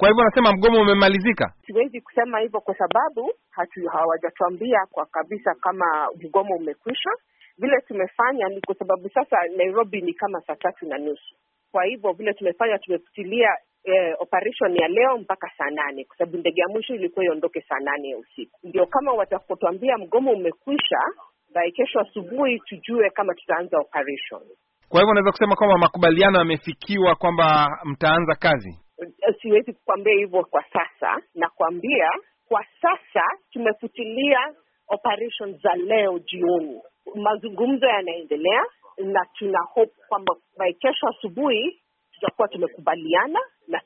Kwa hivyo anasema mgomo umemalizika. Siwezi kusema hivyo kwa sababu hatu hawajatuambia kwa kabisa kama mgomo umekwisha. Vile tumefanya ni kwa sababu sasa Nairobi ni kama saa tatu na nusu. Kwa hivyo vile tumefanya tumepitilia eh, operation ya leo mpaka saa nane kwa sababu ndege ya mwisho ilikuwa iondoke saa nane ya usiku. Ndio kama watakotuambia mgomo umekwisha, bai kesho asubuhi tujue kama tutaanza operation. Kwa hivyo unaweza kusema kwamba makubaliano yamefikiwa kwamba mtaanza kazi. Eh, siwezi kukwambia hivyo kwa sasa. Nakwambia kwa sasa tumefutilia operation za leo jioni, mazungumzo yanaendelea na tuna hope kwamba by kesho asubuhi tutakuwa tumekubaliana na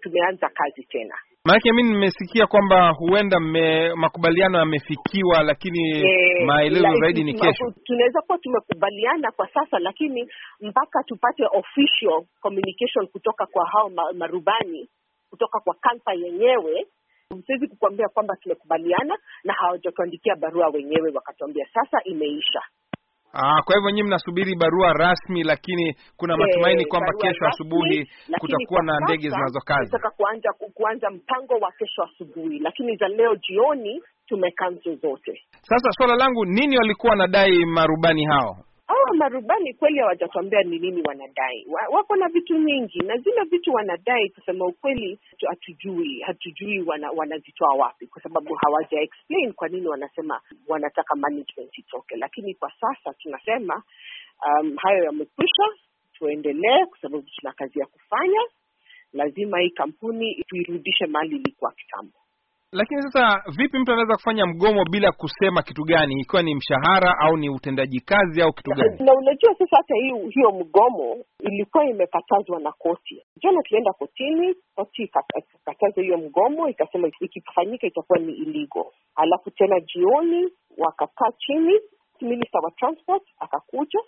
tumeanza kazi tena. Maanake mi nimesikia kwamba huenda me, makubaliano yamefikiwa, lakini e, maelezo zaidi ni kesho. Tunaweza kuwa tumekubaliana kwa sasa, lakini mpaka tupate official communication kutoka kwa hao marubani, kutoka kwa kalpa yenyewe siwezi kukuambia kwamba tumekubaliana, na hawajatuandikia barua wenyewe wakatuambia sasa imeisha. Aa, ah, kwa hivyo nyinyi mnasubiri barua rasmi, lakini kuna eh, matumaini kwamba kesho asubuhi kutakuwa na ndege zinazokaza. Nataka kuanza kuanza mpango wa kesho asubuhi, lakini za leo jioni tumekanzo zote. Sasa swala langu, nini walikuwa wanadai marubani hao? marubani kweli hawajatuambia ni nini wanadai. Wako na vitu mingi, na zile vitu wanadai, kusema ukweli, hatujui hatujui wana, wanazitoa wapi, kwa sababu hawaja explain kwa nini wanasema wanataka management itoke. Lakini kwa sasa tunasema um, hayo yamekwisha, tuendelee kwa sababu tuna kazi ya kufanya. Lazima hii kampuni tuirudishe mali ilikuwa kitambo. Lakini sasa vipi mtu anaweza kufanya mgomo bila kusema kitu gani, ikiwa ni mshahara au ni utendaji kazi au kitu gani? Na unajua sasa, hata hiyo hiyo mgomo ilikuwa imekatazwa na koti. Jana tulienda kotini, koti ikakataza hiyo mgomo, ikasema ikifanyika itakuwa ni iligo. Alafu tena jioni wakakaa chini, minista wa transport akakuja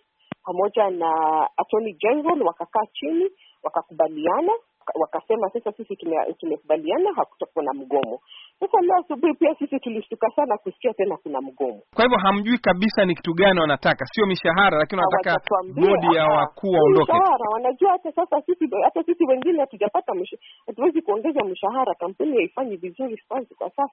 pamoja na attorney general, wakakaa chini wakakubaliana wakasema sasa sisi tumekubaliana hakutakuwa na mgomo. Sasa leo asubuhi pia sisi tulishtuka sana kusikia tena kuna mgomo. Kwa hivyo hamjui kabisa ni kitu gani wanataka, sio mishahara, lakini wanataka bodi ya wakuu waondoke. Mishahara wanajua hata sasa sisi, hata sisi wengine hatujapata, hatuwezi kuongeza mshahara, kampuni haifanyi vizuri kwa sasa.